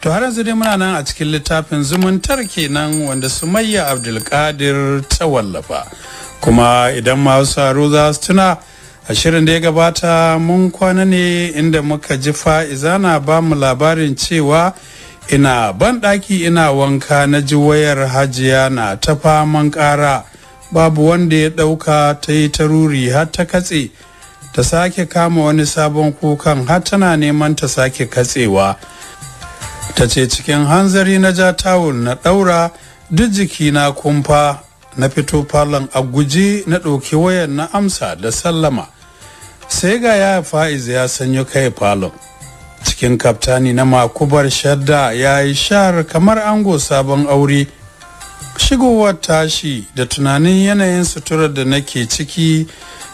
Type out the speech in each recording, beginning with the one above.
to har yanzu dai muna nan a cikin littafin zumuntar kenan wanda sumayya abdulkadir ta wallafa kuma idan masu saro za su tuna a shirin da ya gabata mun kwana ne inda muka ji fa'iza na ba mu labarin cewa ina ban ɗaki ina wanka na ji wayar hajiya na ta faman ƙara babu wanda ya ɗauka ta yi ta ruri har ta katse ta sake kama wani sabon kukan har tana neman ta sake katsewa ta ce cikin hanzari na ja tawul na ɗaura duk jiki na kumfa na fito falon a guji na ɗauki wayan na amsa da sallama sai ga ya fa'iz ya sanyo kai falon cikin kaftani na makubar shadda ya yi shahar kamar ango sabon aure shigowar tashi da tunanin yanayin suturar da nake ciki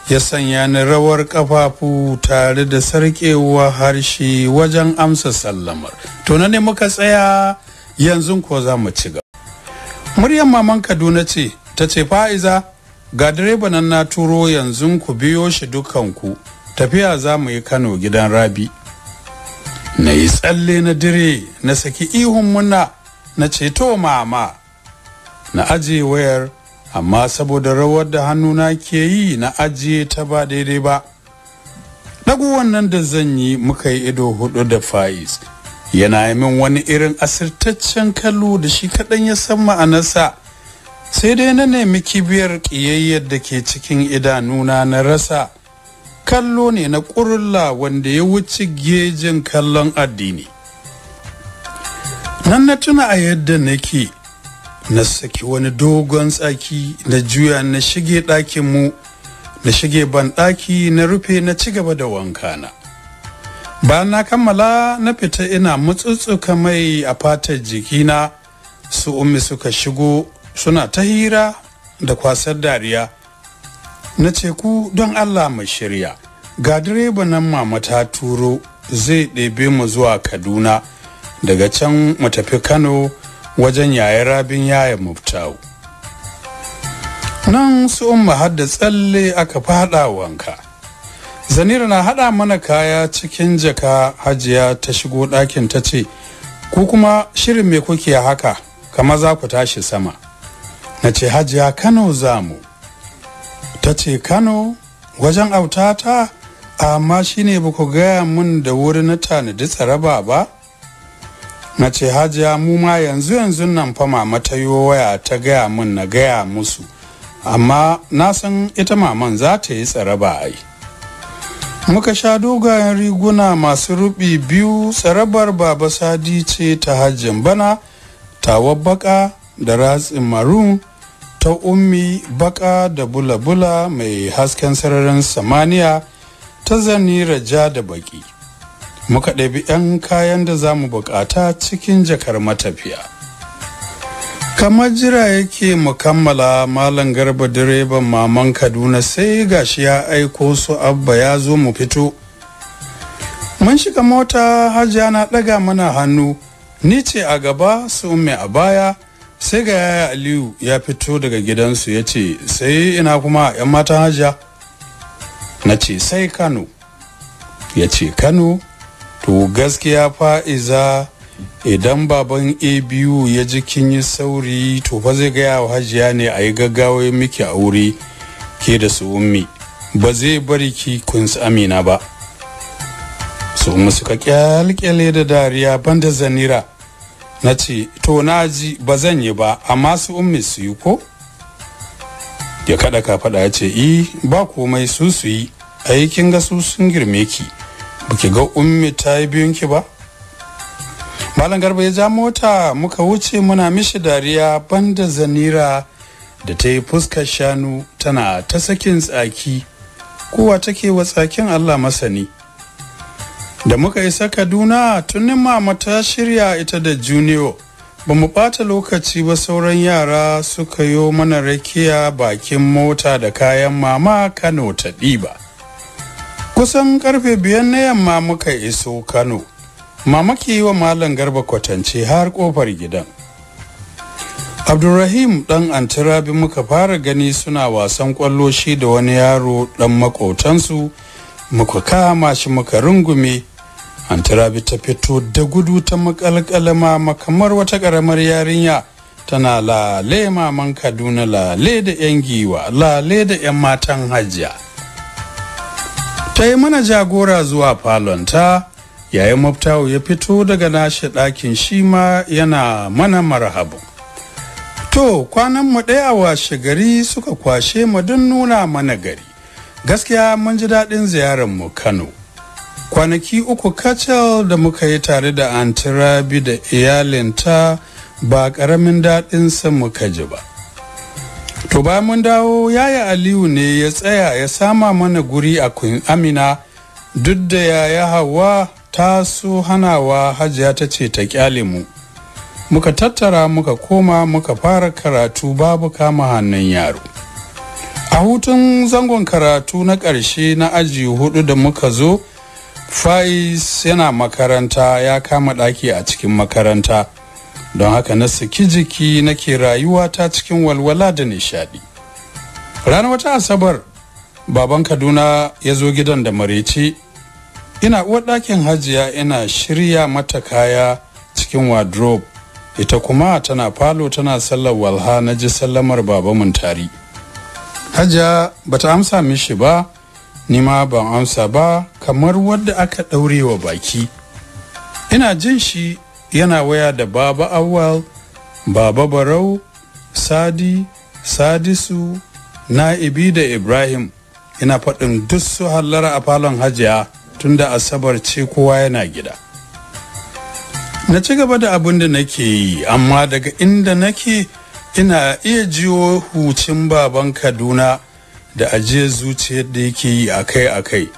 ya sanya ni rawar kafafu tare da sarkewa harshe wajen amsa sallamar to na ne muka tsaya yanzu ko za mu ci gaba muryar maman kaduna ce ta ce fa'iza ga direba nan na turo yanzu ku biyo shi dukanku tafiya za mu yi kano gidan rabi na yi tsalle na dire na saki ihun muna na ceto mama na aje wayar amma saboda rawar da hannuna ke yi na ajiye ta ba daidai ba ɗagu wannan da zan yi muka yi ido hudu da faiz yana yi min wani irin asirtaccen kallo da shi kaɗan ya san ma'anarsa sai dai na nemi kibiyar ƙiyayyar da ke cikin idanuna na rasa kallo ne na ƙurulla wanda ya wuce gejin kallon addini nan na tuna a yadda nake na saki wani dogon tsaki na juya na shige ɗakin mu na shige ban ɗaki na rufe na ci gaba da wanka na Ba na kammala na fita ina mutsutsuka mai a fatar jikina su ummi suka shigo suna ta hira da kwasar dariya na ce ku don allah mai shirya ga direba nan mama ta turo zai ɗebe mu zuwa kaduna daga can mu tafi kano wajen yayin rabin yayin muftawu nan su umma hadda tsalle aka fada wanka zanira na hada mana kaya cikin jaka hajiya ta shigo ɗakin ta ce ku kuma shirin me kuke haka kama za ku tashi sama na ce hajiya kano za mu ta ce kano wajen autata amma shine ba ku gaya mun da wuri na tanadi tsaraba ba na ce hajiya mu ma yanzu yanzu nan fa mama ta yi waya ta gaya min na gaya musu amma na san ita maman za ta yi tsare ba ai muka sha dogayen riguna masu rubi biyu tsarabar baba sadi ce ta hajjin bana tawa baka da ratsin maroon ta ummi baka da bula-bula mai hasken sararin samaniya ta zanira ja da baki muka ɗabi 'yan kayan da za mu bukata cikin jakar matafiya kamar jira yake mu kammala malam garba direban maman kaduna sai gashi ya aiko su abba ya zo mu fito mun shiga mota hajiya na ɗaga mana hannu ni ce a gaba su umme a baya sai ga yaya aliyu ya fito daga gidansu ya ce sai ina kuma 'yan matan hajiya na ce sai kano ya ce kano to gaskiya fa'iza idan baban abu ya ji kin yi sauri to fa zai gaya wa hajiya ne a yi gaggawa miki aure ke da su ummi ba zai bari ki kunsu amina ba su ummi suka kyalkyale da dariya banda zanira na ce to na ji ba zan yi ba amma su ummi su yi ko ya kada ka faɗa ya ce i eh, ba komai su su yi aikin ga su sun girme ki ki ga ummi ta yi biyun ki ba malam garba ya ja mota muka wuce muna mishi dariya banda zanira da ta yi fuskar shanu tana ta sakin tsaki kowa take wa tsakin allah masani da muka isa kaduna tunin mama ta shirya ita da junior ba mu ɓata lokaci ba sauran yara suka yo mana rakiya bakin mota da kayan mama kano ta ɗiba kusan karfe biyan na yamma muka iso kano mamaki yi wa malam garba kwatance har kofar gidan abdulrahim dan antirabi muka fara gani suna wasan kwallo shi da wani yaro dan makotansu muka kama shi muka rungume antirabi ta fito da gudu ta makalkalama makamar wata karamar yarinya tana lale maman kaduna lale da yan giwa lale da yan matan hajiya ta yi mana jagora zuwa falonta yayin maftawo ya fito daga nashi ɗakin shi ma yana mana marhabu to kwanan mu ɗaya washe gari suka kwashe mu don nuna mana gari gaskiya mun ji daɗin ziyarar mu kano kwanaki uku kacal da muka yi tare da antirabi da iyalinta ba ƙaramin daɗinsa muka ji ba to ba mun dawo yaya aliyu ne ya tsaya ya sama mana guri a kun amina duk da yaya hawa ta so hanawa hajiya ta ce ta kyale mu muka tattara muka koma muka fara karatu babu kama hannun yaro a hutun zangon karatu na ƙarshe na aji hudu da muka zo Fais yana makaranta ya kama ɗaki a cikin makaranta don haka na saki jiki nake rayuwa ta cikin walwala da nishadi ranar wata asabar baban kaduna ya zo gidan da mareci ina uwar ɗakin hajiya ina shirya mata kaya cikin wardrobe ita kuma tana falo tana sallar walha na ji sallamar baba tari hajiya bata amsa mishi ba ni ma ban amsa ba kamar wadda aka wa baki ina jin shi yana waya da baba awal baba barau sadi sadisu na'ibi da ibrahim yana faɗin duk su hallara a falon hajiya tun da asabar ce kowa yana gida na ci gaba da abin da nake yi amma daga inda nake ina iya jiwo hucin baban kaduna da ajiye zuciyar da yake yi akai-akai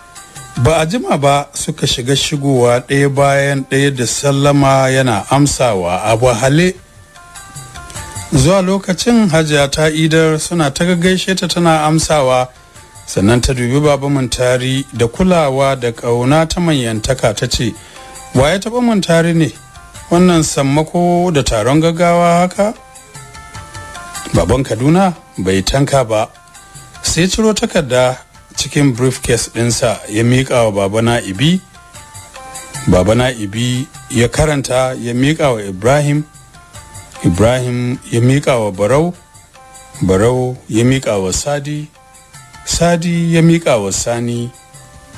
ba a jima ba suka shiga shigowa ɗaya bayan ɗaya da sallama yana amsawa a wahale zuwa lokacin hajiya ta idar suna ta gaishe ta tana amsawa sannan ta dubi baba mantari da kulawa da ƙauna ta manyantaka ta ce wa ya taɓa mantari ne wannan sammako da taron gaggawa haka baban kaduna bai tanka ba sai ciro takarda cikin briefcase ɗinsa ya miƙa wa baba na'ibi baba na'ibi ya karanta ya miƙa wa ibrahim ibrahim ya miƙa wa barau barau ya miƙa wa sadi sadi ya miƙa wa sani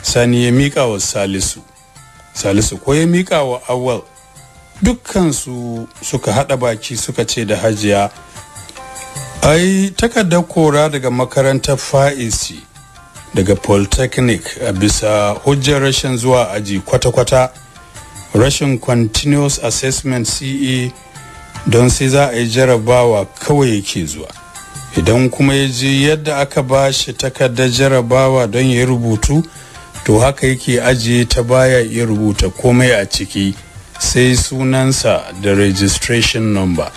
sani ya miƙa wa salisu salisu ko ya miƙa wa awal dukkansu suka haɗa baki suka ce da hajiya ai takardar kora daga makarantar fa'isi daga polytechnic a bisa hujjar rashin zuwa aji kwata-kwata rashin continuous assessment ce don sai za a yi jarabawa kawai yake zuwa idan kuma ya je yadda aka ba shi takardar jarabawa don ya rubutu to haka yake ajiye ta baya ya rubuta komai a ciki sai sunansa da registration number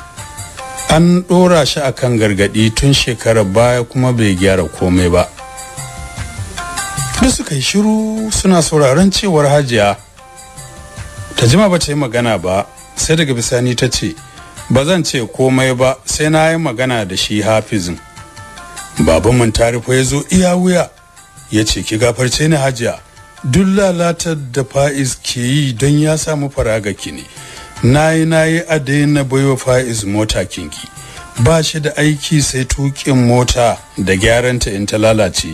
an ɗora shi akan gargadi tun shekarar baya kuma bai gyara komai ba sai suka yi shiru suna sauraron cewar hajiya ta jima ba ta yi magana ba sai daga bisani ta ce ba zan ce komai ba sai na yi magana da shi hafizin baban mun tarifa ya zo iya wuya ya ce ki gafarce ni hajiya duk lalatar da fa'iz ke yi don ya samu faraga ki ne na yi na yi a daina baiwa fa'iz mota kinki ba shi da aiki sai tukin mota da gyaranta in ta lalace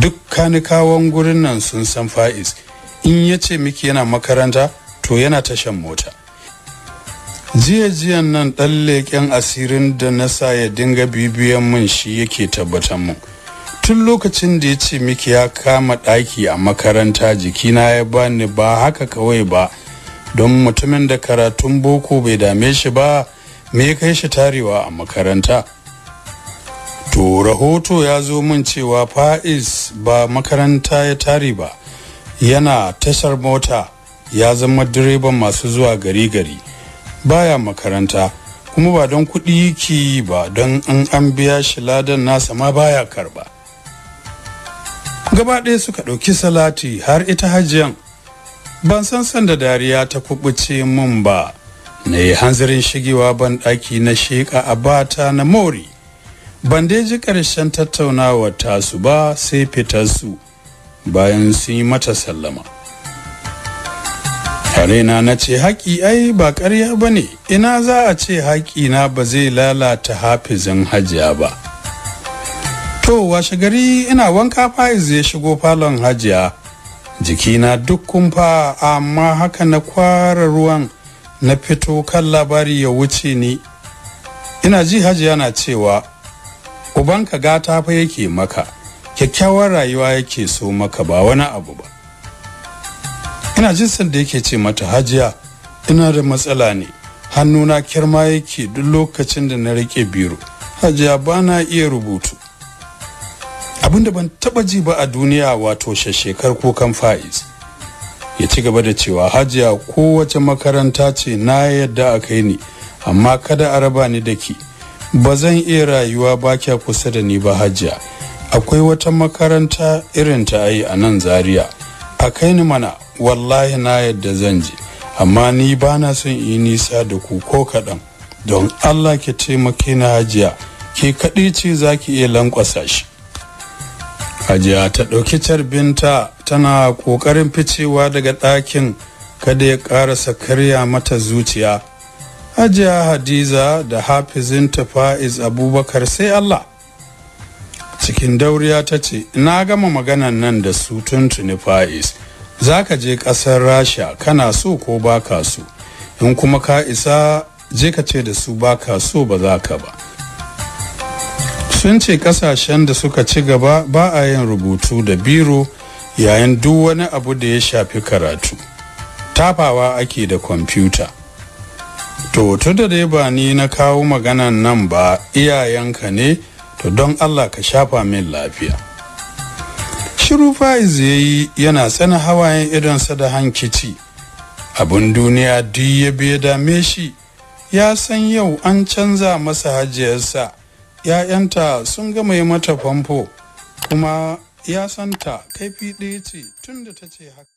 duk kanikawan gurin nan sun san Fais in ya ce miki yana makaranta to yana tashan mota jiya jiyan nan ɗan leƙen asirin da na sa ya dinga bibiyan mun shi yake tabbatar mun tun lokacin da ya ce miki ya kama ɗaki a makaranta jikina ya bani ba haka kawai ba don mutumin da karatun boko bai dame shi ba me kai shi tarewa a makaranta to rahoto ya zo min cewa fa'is ba makaranta ya tare ba yana tashar mota ya zama direban masu zuwa gari gari baya makaranta kuma ba don kuɗi ki ba don an an biya shi ladan nasa ma baya karba gaba ɗaya suka ɗauki salati har ita hajiyan ban san da dariya ta kubuce mun ba na yi hanzarin shigewa ban ɗaki na sheƙa a bata na mori ban dai ji ƙarshen tattaunawa su ba sai fitar su. bayan sun yi mata sallama Harena na ce haƙi ai ba ƙarya ba ne ina za a ce na ba zai lalata hafizin hajiya ba to washe gari ina wanka fa'iz ya shigo falon hajiya jikina duk kumfa amma haka na kwara ruwan na fito kan labari ya wuce ni ina ji hajiya na cewa ubanka gata fa yake maka kyakkyawar rayuwa yake so maka ba wani abu ba ina jin da yake ce mata hajiya ina da matsala ne hannuna kirma yake duk lokacin da na rike biro hajiya ba na iya rubutu abinda ban taba ji ba a duniya wato shashekar kukan fa'iz ya ci gaba da cewa hajiya kowace makaranta ce na yadda a kai ni amma kada a raba ni da ki ba zan iya rayuwa ba kya kusa da ni ba hajiya akwai wata makaranta irin ta yi a nan zaria a kai ni mana wallahi na yadda zan je amma ni ba na son yi nisa da ku ko kaɗan don allah ki taimake na hajiya ki kaɗi ce za ki iya lankwasa shi hajiya ta ɗauki carbinta tana ƙoƙarin ficewa daga ɗakin kada ya ƙarasa karya mata zuciya hajiya hadiza da hafizinta is abubakar sai allah cikin dauriya ta ce na gama maganan nan da su tuntuni Fais. za ka je ƙasar rasha kana so ko ba ka so in kuma ka isa je ka ce da su ba ka so ba za ka ba sun ce ƙasashen da suka ci gaba ba a yin rubutu da biro yayin duk wani abu da ya shafi karatu tafawa ake da kwamfuta to tunda dai ba ni na kawo maganan nan ba iyayenka ne to don allah ka shafa min lafiya shiru faiz ya yi yana tsana hawayen idonsa da hankici abin duniya duk ya biya dame shi ya san yau an canza masa hajiyarsa ‘ya'yanta sun gama yi mata famfo kuma ya santa kaifi ɗaya ce tun da ta ce haka